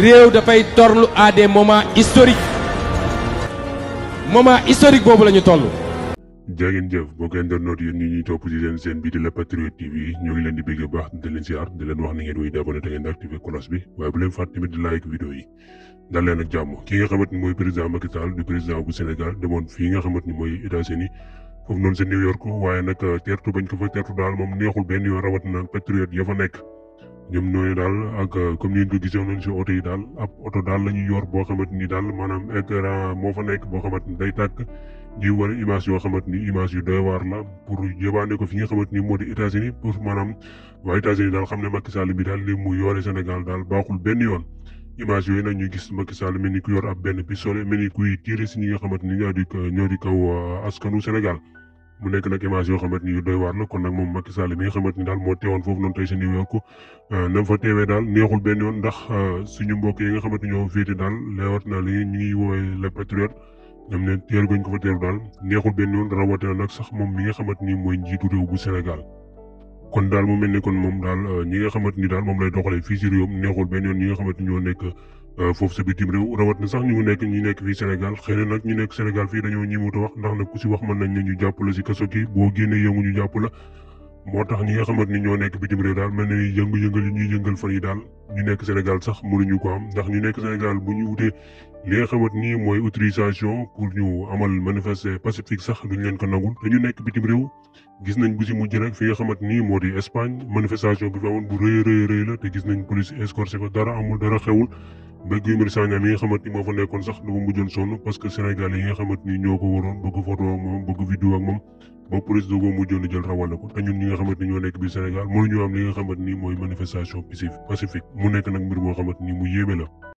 réew dafay torlu à des moments historiques moment historique boobu la ñu toll. jaa ngeen jëf mbokk internet yéen ñi topp ci seen seen bii di la Patriote TV ñu ngi leen di bëgg baax di leen si aar di leen wax ni ngeen wéy di abonné te ngeen di bi waaye bu leen fàtte tamit di like vidéo yi. dal leen ak jàmm ki nga xamante ni mooy président Macky Sall président bu Sénégal demoon fii nga xamante ni mooy États-Unis foofu noonu sa New York waaye fa nekk. ñoom ñooñu daal ak comme ni ngeen ko gisee si oto yi daal ab oto daal la ñuy yor boo xamante ni daal maanaam écran moo fa nekk boo xamante ni day tak ñuy wane image yoo xamante ni image yu doy waar la pour yóbbaane fi nga xamante ni moo di États-Unis pour maanaam waa États-Unis daal xam ne Macky Sall bi daal li mu yore Sénégal daal baaxul benn yoon. image yooyu nag ñu gis Macky Sall mel ni ku yor ab benn pistolet mel ni kuy tiire si ñi nga ni ñoo di ñoo di kaw askanu Sénégal. mu nekk nag image yoo xamante ni yu doy waar la kon nag moom Macky Sall mi nga xamante ni daal moo teewoon foofu noonu tey euh, daal neexul benn yoon ndax euh, suñu mbokk yi nga xamante ni ñoo féete daal leewat na li ñu ngi woowee le patriote ñoom ko daal neexul benn yoon rawatina nag sax moom mi nga xamante ni mooy njiitu réew bu Sénégal kon daal mu mel ni kon moom daal euh, ñi nga xamante ni daal moom lay doxalee fii si réewam neexul benn yoon ñi nga xamante ni ñoo nekk Euh, foofu sa bitim réew rawat na sax ñu nekk ñu nekk fii Sénégal xëy na nag ñu nekk Sénégal fii dañoo ñimuta wax ndax nag ku si wax mën nañ ne ñu jàpp la si kaso gi boo génnee yëngu ñu jàpp la moo tax ñi nga xamante ni ñoo nekk bitim réew daal mel na ni yëngu-yëngal yi ñuy yëngal fan ñu nekk Sénégal sax mënuñu ko am ñu nekk Sénégal bu ñu wutee li nga xamante ni mooy autorisation pour ñu amal manifester pacifique sax duñ leen ko nangul te ñu nekk bitim réew gis nañ bu si mujj rek fi nga xamante ni moo di Espagne manifestation bi fa amoon bu rëy rëy rëy la te gis nañ police escorté ko dara amul dara ba Guy Marius Sagna mi nga xamante ni moo fa nekkoon sax dafa mujjoon sonn parce que Sénégalais yi nga xamante ni ñoo ko waroon bëgg photo ak moom bëgg vidéo moom ba président boo mujjoon di jël rawale ko te ñun ñi nga xamante ni ñoo nekk biir Sénégal mënuñu am li nga xamante ni mooy manifestation pacifique mu nekk nag mbir moo xamante ni mu yéeme la